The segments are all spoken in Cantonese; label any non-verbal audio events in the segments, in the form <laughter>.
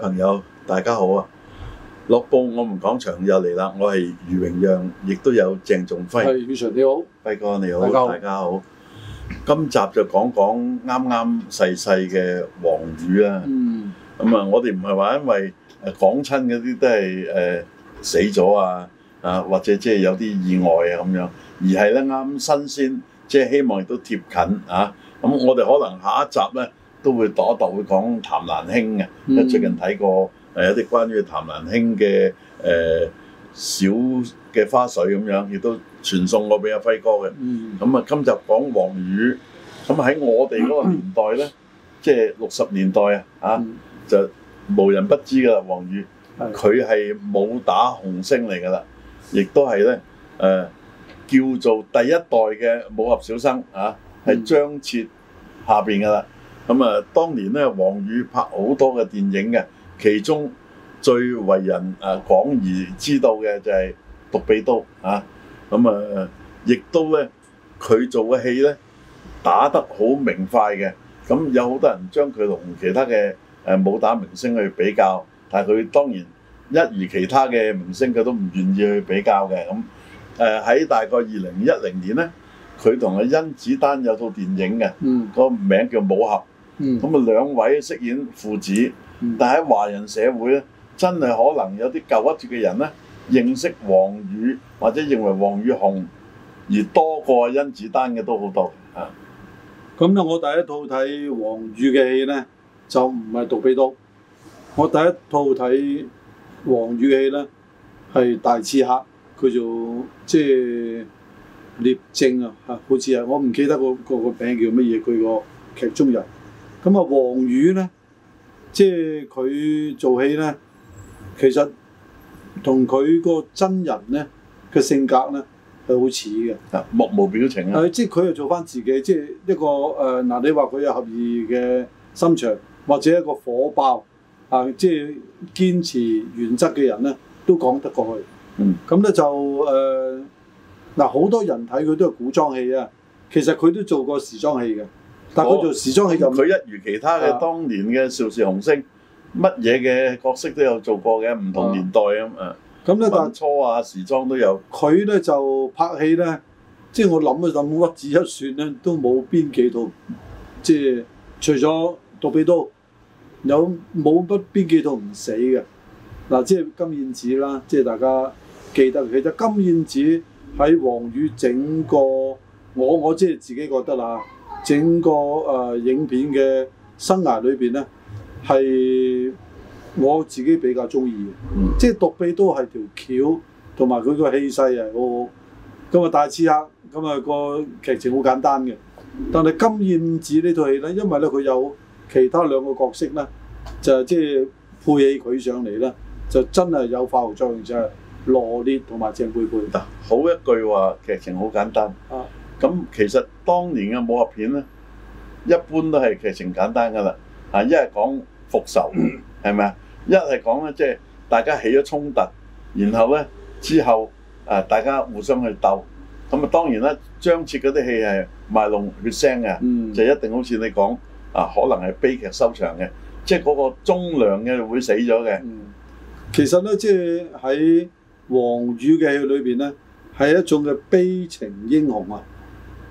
朋友，大家好啊！《樂報我們講場又嚟啦，我係余榮陽，亦都有鄭仲輝。係，余常你好，輝哥你好，大家好，大家好。今集就講講啱啱逝世嘅王羽啦。嗯。咁啊，我哋唔係話因為講親嗰啲都係誒、呃、死咗啊啊，或者即係有啲意外啊咁樣，而係咧啱新鮮，即係希望亦都貼近啊。咁我哋可能下一集咧。都會躲一躲，會講譚蘭卿嘅。因為最近睇過誒有啲關於譚蘭卿嘅誒小嘅花絮咁樣，亦都傳送我俾阿輝哥嘅。咁啊，今集講王羽。咁喺我哋嗰個年代咧，即係六十年代啊，啊就無人不知噶啦。王羽佢係武打紅星嚟噶啦，亦都係咧誒叫做第一代嘅武俠小生啊，係張徹下邊噶啦。咁啊，當年咧，王羽拍好多嘅電影嘅，其中最為人誒廣、啊、而知道嘅就係《獨臂刀》啊。咁啊，亦、啊、都咧，佢做嘅戲咧打得好明快嘅。咁、啊、有好多人將佢同其他嘅誒、啊、武打明星去比較，但係佢當然一如其他嘅明星，佢都唔願意去比較嘅。咁誒喺大概二零一零年咧，佢同阿甄子丹有套電影嘅，嗯、個名叫《武俠》。咁啊，嗯、兩位飾演父子，嗯、但喺華人社會咧，真係可能有啲舊一截嘅人咧，認識王羽或者認為王羽紅而多過甄子丹嘅都好多啊。咁咧、嗯嗯，我第一套睇王羽嘅戲咧，就唔係《獨臂刀》。我第一套睇王羽嘅戲咧，係《大刺客》就，佢做即係聶政啊，嚇，好似啊，我唔記得、嗰個、嗰個個名叫乜嘢，佢個劇中人。咁啊，王羽咧，即係佢做戲咧，其實同佢個真人咧嘅性格咧係好似嘅。啊，目無表情啊！即係佢又做翻自己，即係一個誒嗱、呃，你話佢有合意嘅心腸，或者一個火爆啊，即係堅持原則嘅人咧，都講得過去。嗯。咁咧就誒嗱，好、呃啊、多人睇佢都係古裝戲啊，其實佢都做過時裝戲嘅。但佢做時裝戲就佢、是啊、一如其他嘅當年嘅邵氏紅星，乜嘢嘅角色都有做過嘅，唔同年代咁啊。咁咧但初下、啊、時裝都有，佢咧就拍戲咧，即係我諗咧就屈指一算咧，都冇邊幾套，即係除咗獨臂刀，有冇乜邊幾套唔死嘅？嗱、啊，即係金燕子啦，即係大家記得佢。其實金燕子喺王羽整個，我我，我即係自己覺得啦。整個誒、呃、影片嘅生涯裏邊咧，係我自己比較中意嘅，嗯、即係獨臂都係條橋，同埋佢個氣勢又好好。咁、嗯、啊大刺客，咁啊個劇情好簡單嘅。但係金燕子呢套戲咧，因為咧佢有其他兩個角色咧，就係即係配起佢上嚟咧，就真係有化學作用，就係羅烈同埋鄭佩佩。嗱、啊，好一句話，劇情好簡單。啊！咁、嗯、其實當年嘅武俠片咧，一般都係劇情簡單噶啦，啊一係講復仇，係咪啊？一係講咧即係大家起咗衝突，然後咧之後啊大家互相去鬥，咁啊當然啦，張設嗰啲戲係賣弄血腥嘅，嗯、就一定好似你講啊，可能係悲劇收場嘅，即係嗰個忠良嘅會死咗嘅、嗯。其實咧即係喺王羽嘅戲裏邊咧，係一種嘅悲情英雄啊！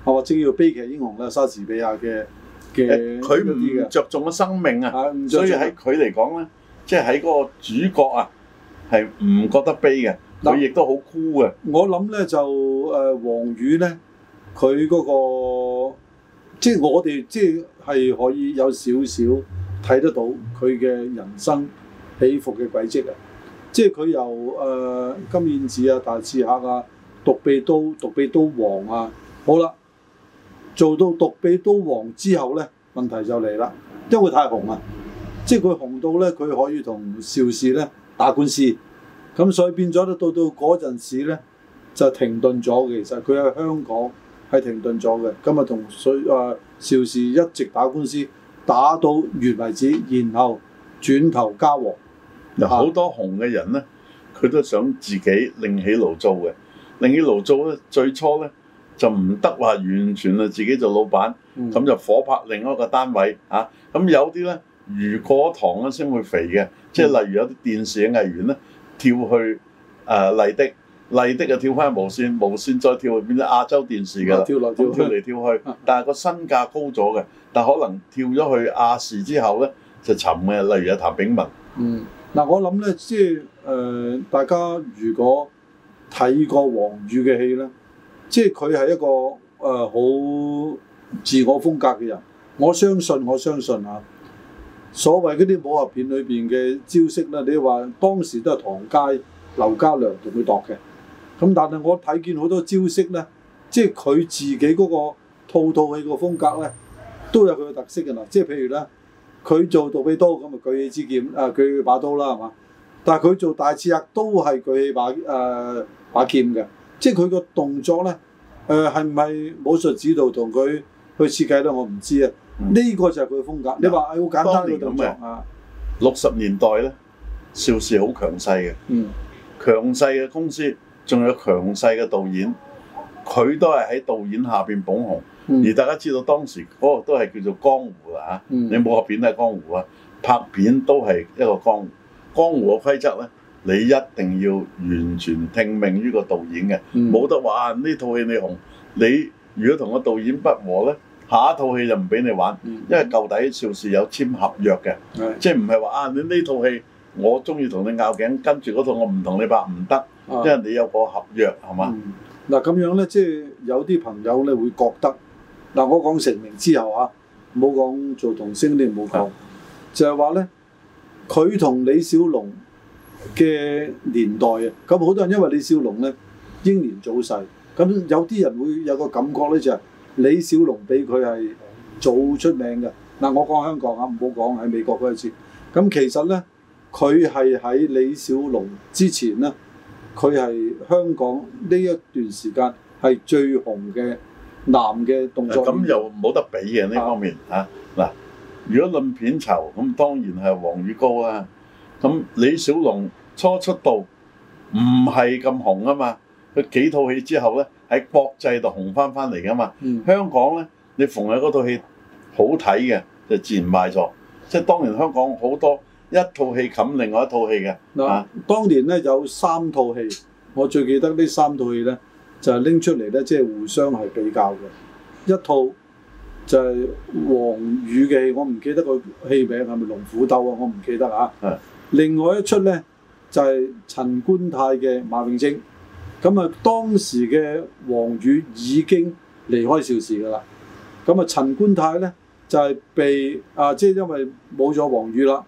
係嘛？正要、哦就是、悲劇英雄啦，莎士比亞嘅嘅，佢唔着重嘅生命啊，啊所以喺佢嚟講咧，即係喺嗰個主角啊，係唔覺得悲嘅。佢亦、呃、都好酷嘅。我諗咧就誒王、呃、羽咧，佢嗰、那個即係我哋即係可以有少少睇得到佢嘅人生起伏嘅軌跡啊！即係佢由誒、呃、金燕子啊、大刺客啊、獨臂刀、獨臂刀王啊，好啦。做到獨臂刀王之後咧，問題就嚟啦，因為佢太紅啦，即係佢紅到咧，佢可以同邵氏咧打官司，咁所以變咗咧，到到嗰陣時咧就停頓咗嘅。其實佢喺香港係停頓咗嘅，咁啊同水啊邵氏一直打官司，打到完為止，然後轉頭交和。嗱，好多紅嘅人咧，佢都想自己另起爐灶嘅，另起爐灶咧，最初咧，就唔得話完全啊自己做老闆，咁、嗯、就火拍另一個單位啊。咁有啲咧，如果堂咧先會肥嘅，即係例如有啲電視藝員咧，跳去誒、呃、麗的，麗的就跳翻無線，無線再跳去變咗亞洲電視㗎啦、啊，跳來跳跳嚟跳去。啊、但係個身價高咗嘅，但可能跳咗去亞視之後咧就沉嘅。例如有譚炳文。嗯，嗱、啊、我諗咧，即係誒、呃、大家如果睇過王羽嘅戲咧。即係佢係一個誒好、呃、自我風格嘅人，我相信我相信啊。所謂嗰啲武俠片裏邊嘅招式咧，你話當時都係唐佳、劉家良同佢度嘅。咁、嗯、但係我睇見好多招式咧，即係佢自己嗰個套套戲嘅風格咧，都有佢嘅特色㗎喇。即係譬如咧，佢做獨臂刀咁啊，舉起支劍啊，舉起、呃、把刀啦，係嘛？但係佢做大刺客都係舉起把誒、呃、把劍嘅。即係佢個動作咧，誒係唔係武術指導同佢去設計咧？我唔知啊。呢、嗯、個就係佢嘅風格。你話係好、哎、簡單嘅動作。六十年,、啊、年代咧，邵氏好強勢嘅，強勢嘅公司，仲有強勢嘅導演，佢都係喺導演下邊捧紅。嗯、而大家知道當時嗰個、哦、都係叫做江湖啊，嗯、你冇拍片都係江湖啊，拍片都係一個江湖。江湖嘅規則咧？你一定要完全聽命於個導演嘅，冇得話呢套戲你紅。你如果同個導演不和咧，下一套戲就唔俾你玩，因為舊底邵氏有簽合約嘅，即係唔係話啊？你呢套戲我中意同你拗頸，跟住嗰套我唔同你拍唔得，因為你有個合約係嘛？嗱咁樣咧，即係有啲朋友咧會覺得，嗱我講成名之後啊，唔好講做童星呢啲冇講，就係話咧佢同李小龍。嘅年代啊，咁好多人因為李小龍咧，英年早逝，咁有啲人會有個感覺咧就係、是、李小龍比佢係早出名嘅。嗱，我講香港啊，唔好講喺美國嗰陣時。咁其實咧，佢係喺李小龍之前咧，佢係香港呢一段時間係最紅嘅男嘅動作。咁又冇得比嘅呢方面嚇。嗱、啊，如果論片酬咁，當然係黃宇高啊。咁李小龍初出道唔係咁紅啊嘛，佢幾套戲之後咧喺國際度紅翻翻嚟噶嘛。嗯、香港咧，你逢喺嗰套戲好睇嘅，就自然賣咗。嗯、即係當年香港好多一套戲冚另外一套戲嘅嗱。嗯啊、當年咧有三套戲，我最記得呢三套戲咧就係、是、拎出嚟咧即係互相係比較嘅一套就係王羽嘅，我唔記得個戲名係咪《龍虎鬥》啊？我唔記得啊。另外一出咧就係、是、陳觀泰嘅馬永貞，咁、嗯、啊當時嘅王羽已經離開邵氏噶啦，咁、嗯就是、啊陳觀泰咧就係被啊即係因為冇咗王羽啦，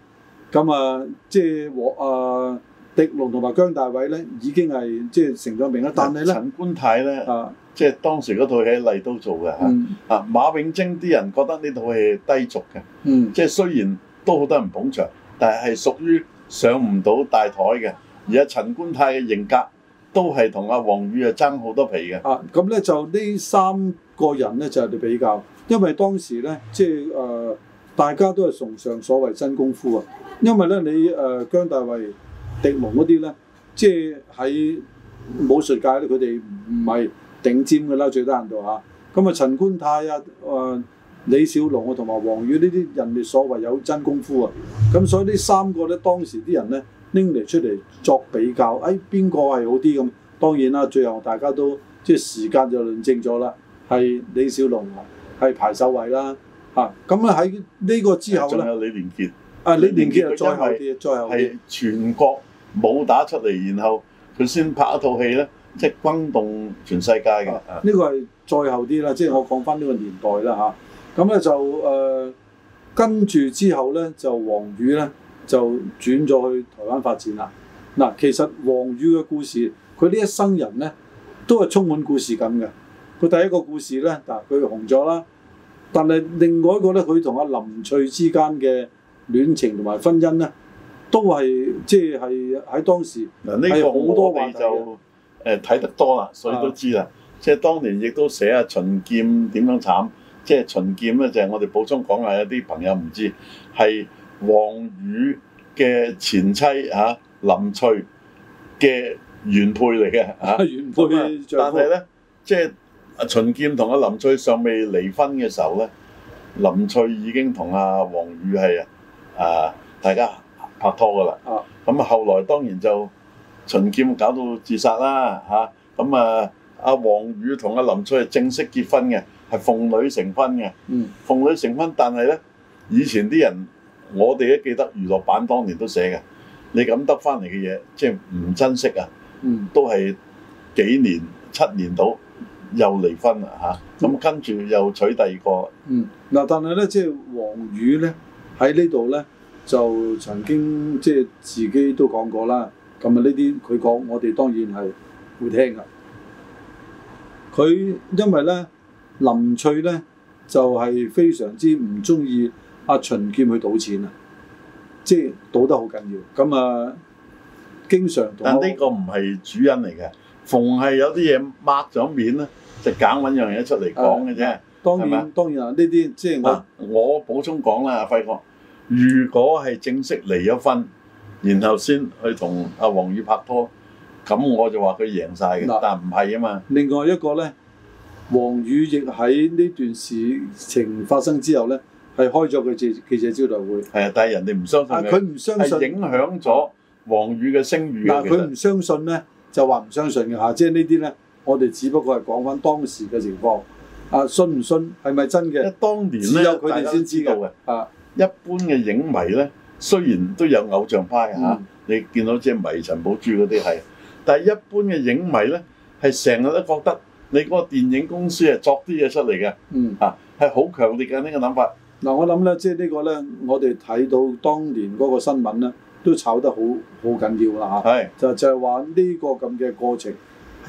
咁啊即係啊狄龍同埋姜大偉咧已經係即係成咗名啦。但係咧，陳觀泰咧，即係當時嗰套戲喺麗都做嘅嚇，啊馬永貞啲人覺得呢套係低俗嘅，即係雖然都好多人捧場。但係屬於上唔到大台嘅，而家陳觀泰嘅型格都係同阿王羽啊爭好多皮嘅。啊，咁咧就呢三個人咧就係、是、你比較，因為當時咧即係誒大家都係崇尚所謂真功夫啊，因為咧你誒、呃、姜大衛、狄蒙嗰啲咧，即係喺武術界咧佢哋唔係頂尖嘅啦，最低限度啊。咁啊，陳觀泰啊誒。呃李小龍啊，同埋王羽呢啲人哋所謂有真功夫啊，咁所以呢三個咧，當時啲人咧拎嚟出嚟作比較，誒邊個係好啲咁？當然啦，最後大家都即係時間就論證咗啦，係李小龍係排首位啦，嚇咁啊喺呢、啊、個之後咧，仲有李連杰啊，李連杰啊，杰因為係全國武打出嚟，然後佢先拍一套戲咧，即係轟動全世界嘅。呢、啊啊、個係再後啲啦，即係我講翻呢個年代啦嚇。啊啊咁咧就誒跟住之後咧，就王羽咧就轉咗去台灣發展啦。嗱，其實王羽嘅故事，佢呢一生人咧都係充滿故事感嘅。佢第一個故事咧，嗱佢紅咗啦。但係另外一個咧，佢同阿林翠之間嘅戀情同埋婚姻咧，都係即係喺當時呢個好多話題就誒睇得多啦，所以都知啦。啊、即係當年亦都寫阿秦劍點樣慘。.即係秦劍咧，就係我哋補充講下，有啲朋友唔知係王羽嘅前妻嚇、啊、林翠嘅原配嚟嘅嚇。啊、原配、啊，但係咧，即係阿秦劍同阿林翠尚未離婚嘅時候咧，林翠已經同阿王羽係啊大家拍拖噶啦。咁啊，啊，後來當然就秦劍搞到自殺啦嚇。咁啊，阿王羽同阿林翠係正式結婚嘅。係奉女成婚嘅，奉、嗯、女成婚，但係咧，以前啲人，我哋都記得娛樂版當年都寫嘅，你咁得翻嚟嘅嘢，即係唔珍惜啊，嗯、都係幾年七年到又離婚啦吓，咁、啊嗯、跟住又娶第二個，嗯，嗱，但係咧，即係王羽咧喺呢度咧就曾經即係、就是、自己都講過啦，咁啊呢啲佢講，我哋當然係會聽噶，佢因為咧。林翠咧就係、是、非常之唔中意阿秦劍去賭錢賭啊！即係賭得好緊要，咁啊經常。但呢個唔係主因嚟嘅，逢係有啲嘢抹咗面咧，就揀揾樣嘢出嚟講嘅啫、啊。當然嗎當然啦，呢啲即係我、啊、我補充講啦，費、啊、哥。如果係正式離咗婚，然後先去同阿王羽拍拖，咁我就話佢贏晒嘅，啊、但唔係啊嘛。另外一個咧。王羽亦喺呢段事情發生之後咧，係開咗佢記者者招待會。係啊，但係人哋唔相信。佢唔、啊、相信影響咗王羽嘅聲譽。嗱，佢唔相信咧，就話唔相信嘅嚇。即係呢啲咧，我哋只不過係講翻當時嘅情況。啊，信唔信係咪真嘅、啊？當年只有佢哋先知道嘅。道啊，一般嘅影迷咧，雖然都有偶像派嚇，嗯、你見到即係迷陳寶珠嗰啲係，但係一般嘅影迷咧，係成日都覺得。你嗰個電影公司係作啲嘢出嚟嘅，嗯、這個、啊，係好強烈嘅呢個諗法。嗱，我諗咧，即係呢個咧，我哋睇到當年嗰個新聞咧，都炒得好好緊要啦嚇。係是就就係話呢個咁嘅過程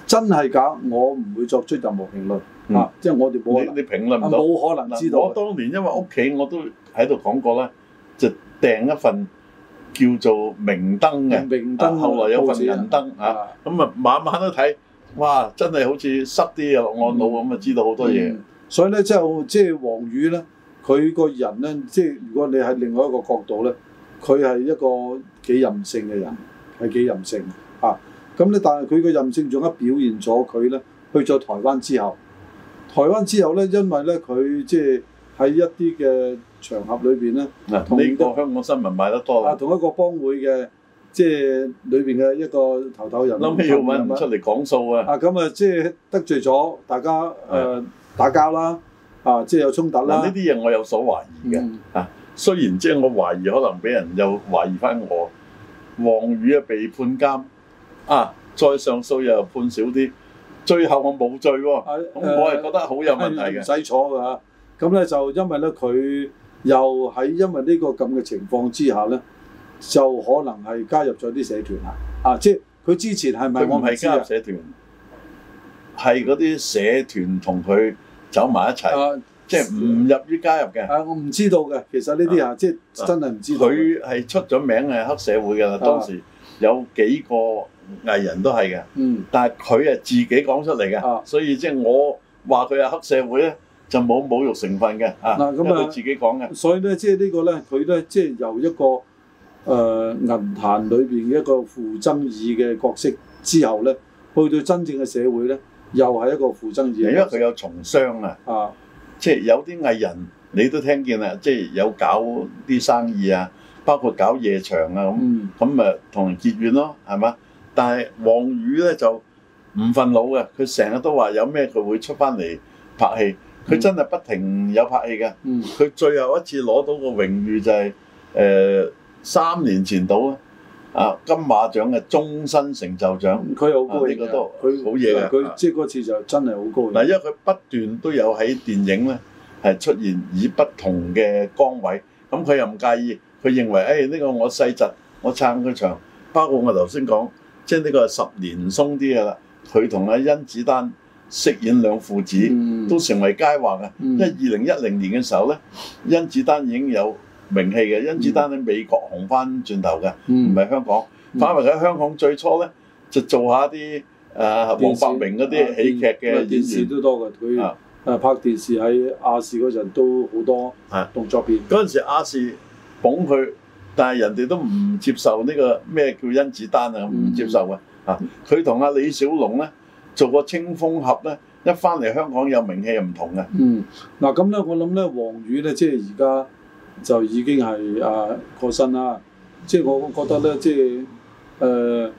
真係假，我唔會作出任何評論、嗯、啊。即係我哋冇你你評論唔到、啊、冇可能知道。我當年因為屋企我都喺度講過啦，就訂一份叫做明燈嘅，明燈、啊、後來有份人燈啊，咁啊晚晚都睇。啊啊哇！真係好似濕啲嘅按腦咁啊，嗯、知道好多嘢、嗯。所以咧、就是，即係即係王羽咧，佢個人咧，即係如果你係另外一個角度咧，佢係一個幾任性嘅人，係幾任性嚇。咁、啊、咧，但係佢嘅任性仲加表現咗佢咧，去咗台灣之後，台灣之後咧，因為咧佢即係喺一啲嘅場合裏邊咧，嗱、啊，同一個個香港新聞買得多啊，同一個幫會嘅。即係裏邊嘅一個頭頭人，諗咩要唔出嚟講數啊？啊咁啊，即係得罪咗大家誒是、呃、打交啦，啊即係有衝突啦。呢啲嘢我有所懷疑嘅，嗯、啊雖然即係我懷疑，可能俾人又懷疑翻我王羽啊，被判監啊，再上訴又判少啲，最後我冇罪喎、哦，是 啊、我係覺得好有問題嘅，唔使、呃、坐㗎。咁、啊、咧就因為咧佢又喺因為呢個咁嘅情況之下咧。就可能係加入咗啲社團啦，啊，即係佢之前係咪我唔係加入社團，係嗰啲社團同佢走埋一齊，即係唔入於加入嘅。啊，我唔知道嘅，其實呢啲啊即係真係唔知道。佢係出咗名係黑社會嘅啦，當時有幾個藝人都係嘅，嗯，但係佢係自己講出嚟嘅，所以即係我話佢係黑社會咧，就冇侮辱成分嘅，啊，咁佢自己講嘅。所以咧，即係呢個咧，佢咧即係由一個，誒、呃、銀壇裏邊一個負爭議嘅角色，之後呢去到真正嘅社會呢又係一個負爭議角色。因為佢有從商啊，啊即係有啲藝人你都聽見啦，即係有搞啲生意啊，包括搞夜場啊咁，咁誒、嗯、同人結怨咯，係嘛？但係王羽呢就唔瞓腦嘅，佢成日都話有咩佢會出翻嚟拍戲，佢真係不停有拍戲㗎。佢、嗯、最後一次攞到個榮譽就係、是、誒。呃三年前到啦，啊金馬獎嘅終身成就獎，佢好高興啊！佢好嘢啊！佢即係嗰次就真係好高嗱，因為佢不斷都有喺電影咧係出現以不同嘅崗位，咁佢又唔介意。佢認為誒呢、哎呢個我細侄，我撐佢場。包括我頭先講，即係呢個十年鬆啲嘅啦。佢同啊甄子丹飾演兩父子，嗯、都成為佳話嘅。嗯嗯、因為二零一零年嘅時候咧，甄子丹已經有。名氣嘅甄子丹喺美國紅翻轉頭嘅，唔係、嗯、香港。嗯、反而喺香港最初咧，就做下啲誒黃百鳴嗰啲喜劇嘅、啊電,啊、電,電視都多嘅。佢誒拍電視喺亞視嗰陣都好多動作片。嗰陣、啊、時亞視捧佢，但係人哋都唔接受呢、呢個咩叫甄子丹啊，唔接受嘅。啊，佢同阿李小龍咧做個青蜂俠咧，一翻嚟香港有名氣又唔同嘅。嗯，嗱咁咧，我諗咧王羽咧，即係而家。就已經係啊過身啦，即係我覺得咧，即係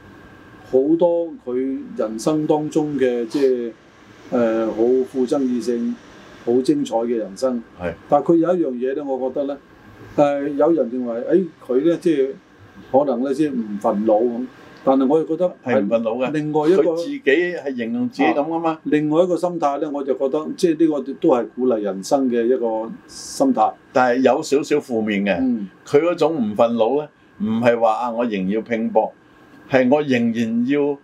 誒好多佢人生當中嘅即係誒、呃、好富爭議性、好精彩嘅人生。係是，但係佢有一樣嘢咧，我覺得咧，誒、呃、有人認為誒佢咧即係可能咧先唔憤老咁。但係我又覺得係唔憤怒嘅。另外一個、啊、自己係形容自己咁啊嘛。另外一個心態咧，我就覺得即係呢個都係鼓勵人生嘅一個心態。但係有少少負面嘅。佢嗰、嗯、種唔憤怒咧，唔係話啊我仍然要拼搏，係我仍然要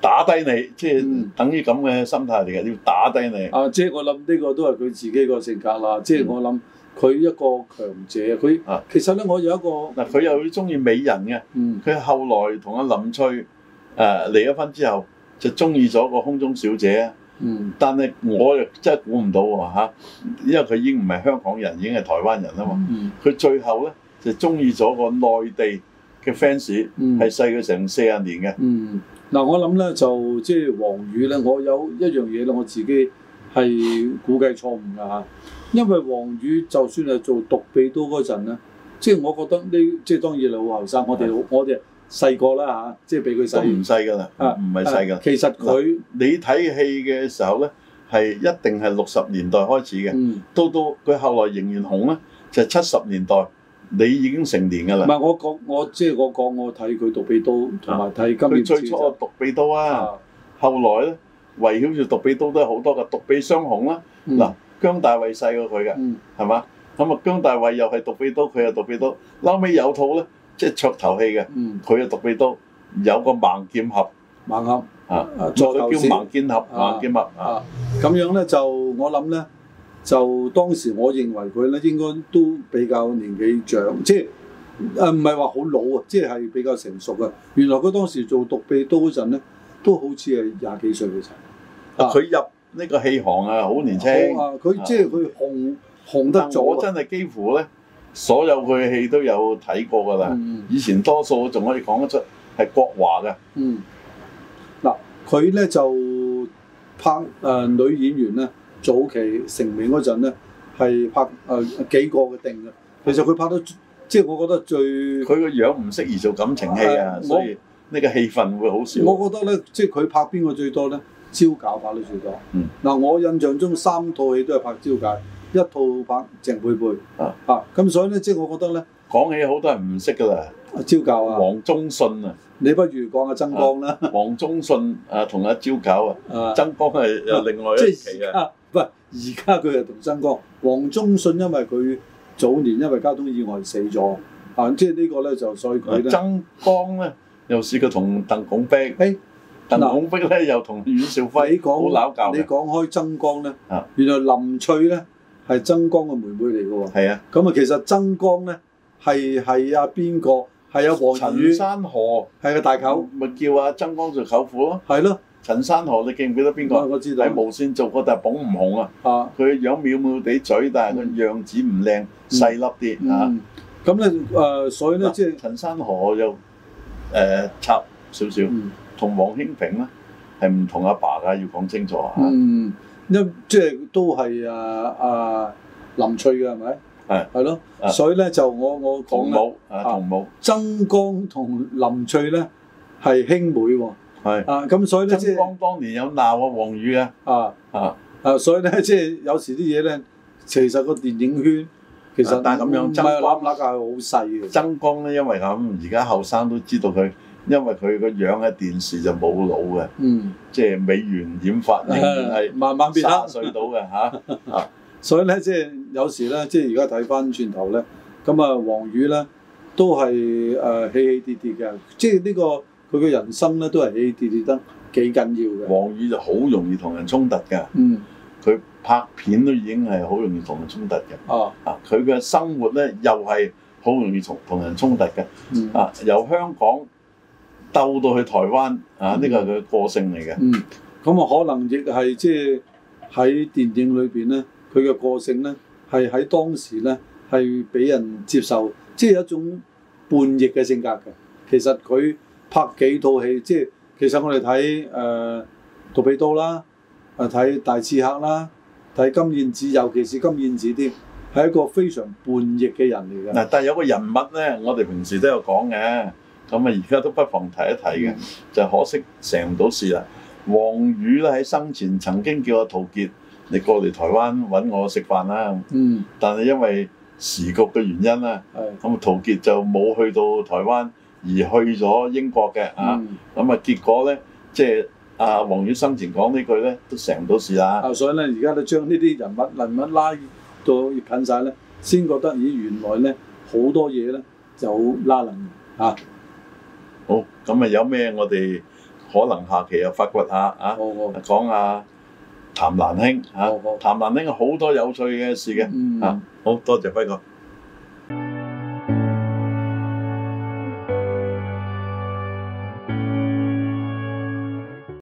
打低你，即係等於咁嘅心態嚟嘅，要打低你。啊，即係我諗呢個都係佢自己個性格啦、嗯啊。即係我諗。佢一個強者，佢其實咧，我有一個嗱，佢、啊、又好中意美人嘅，佢、嗯、後來同阿林翠誒離咗婚之後，就中意咗個空中小姐，嗯、但係我又真係估唔到喎、啊、因為佢已經唔係香港人，已經係台灣人啦嘛，佢、嗯、最後咧就中意咗個內地嘅 fans，係細佢成四十年嘅，嗱、嗯啊、我諗咧就即係王羽咧，我有一樣嘢咧，我自己係估計錯誤嘅嚇。啊。因為王羽就算係做獨臂刀嗰陣咧，即係我覺得呢，即係當然係好後生。我哋我哋細個啦嚇，啊、即係比佢細唔細㗎啦，唔係細㗎。其實佢、啊、你睇戲嘅時候咧，係一定係六十年代開始嘅。嗯、到到佢後來仍然紅咧，就七、是、十年代你已經成年㗎啦。唔係我講我即係、就是、我講我睇佢獨臂刀同埋睇今。你、啊、最初啊獨臂刀啊，啊後來咧圍繞住獨臂刀都好多㗎，獨臂雙雄啦嗱。嗯 <music> 姜大衛細過佢嘅，係嘛、嗯？咁啊，姜大衛又係獨臂刀，佢又獨臂刀。後尾有套咧，即係噱頭戲嘅，佢、嗯、又獨臂刀，有個盲劍俠。盲俠盒啊，佢叫盲劍俠，盲劍俠啊。咁、啊、樣咧就我諗咧，就當時我認為佢咧應該都比較年紀長，即係誒唔係話好老啊，即、就、係、是、比較成熟嘅。原來佢當時做獨臂刀嗰陣咧，都好似係廿幾歲嘅陣。候、啊。佢、啊、入。呢個戲行啊，好年青。我佢、啊啊啊、即係佢紅紅得咗，真係幾乎咧，所有佢嘅戲都有睇過㗎啦。嗯、以前多數仲可以講得出係國話嘅。嗯。嗱、啊，佢咧就拍誒、呃、女演員咧，早期成名嗰陣咧，係拍誒、呃、幾個嘅定嘅。其實佢拍得即係我覺得最佢個、嗯、樣唔適宜做感情戲啊，啊所以呢我個戲份會好少。我覺得咧，即係佢拍邊個最多咧？招教拍到最多，嗱、嗯啊、我印象中三套戲都係拍招教，一套拍鄭佩佩，啊，咁所以咧，即係我覺得咧，講起好多人唔識㗎啦，招教啊，黃宗迅啊，你不如講阿曾江啦，黃宗迅啊同阿招教啊，曾江係另外一期啊，唔係而家佢係同曾江，黃宗迅因為佢早年因為交通意外死咗，嚇，即係呢個咧就所以佢曾江咧又試過同鄧廣兵，哎、啊。欸孔碧咧又同阮兆輝好攪，你講開曾江咧，原來林翠咧係曾江嘅妹妹嚟嘅喎。係啊，咁啊其實曾江咧係係啊，邊個係啊，黃陳山河係啊，大舅，咪叫阿曾江做舅父咯。係咯，陳山河你記唔記得邊個？喺無線做過，但係捧唔紅啊。啊，佢嘅樣妙妙地嘴，但係個樣子唔靚，細粒啲嚇。咁咧誒，所以咧即係陳山河就誒插少少。同王興平咧，係唔同阿爸噶，要講清楚啊！嗯，因即係都係啊啊林翠嘅係咪？係係咯，所以咧就我我講啊，同母曾江同林翠咧係兄妹喎。係啊，咁所以咧即係曾江當年有鬧啊王羽嘅啊啊啊，所以咧即係有時啲嘢咧，其實個電影圈其實但係咁樣爭攬唔攬係好細嘅。曾江咧因為咁，而家後生都知道佢。因為佢個樣喺電視就冇腦嘅，嗯，即係美元染髮，係慢慢變沙水到嘅嚇，啊，所以咧即係有時咧，即係而家睇返轉頭咧，咁啊王羽咧都係誒起起跌跌嘅，即係、這、呢個佢嘅人生咧都係起起跌跌得幾緊要嘅。王羽就好容易同人衝突嘅，嗯，佢拍片都已經係好容易同人衝突嘅、啊啊嗯，啊，啊佢嘅生活咧又係好容易同同人衝突嘅，啊由香港。鬥到去台灣啊！呢個係佢嘅個性嚟嘅、嗯。嗯，咁、嗯、啊可能亦係即係喺電影裏邊咧，佢嘅個性咧係喺當時咧係俾人接受，即、就、係、是、一種叛逆嘅性格嘅。其實佢拍幾套戲，即、就、係、是、其實我哋睇誒獨臂刀啦，誒、啊、睇大刺客啦，睇、啊、金燕子，尤其是金燕子添，係一個非常叛逆嘅人嚟嘅。嗱，但係有個人物咧，我哋平時都有講嘅。咁啊，而家都不妨提一提嘅，嗯、就可惜成唔到事啦。王羽咧喺生前曾經叫阿陶傑，你過嚟台灣揾我食飯啦。嗯，但係因為時局嘅原因咧，咁、嗯、陶傑就冇去到台灣，而去咗英國嘅啊。咁、嗯、啊，結果咧，即係阿王羽生前講呢句咧，都成唔到事啦。啊，所以咧，而家都將呢啲人物人物拉到近晒咧，先覺得咦，原來咧好多嘢咧就好拉近嘅。好，咁啊有咩我哋可能下期又發掘下啊，講下譚難兄啊，譚蘭卿好多有趣嘅事嘅，嗯、啊，好多謝輝哥。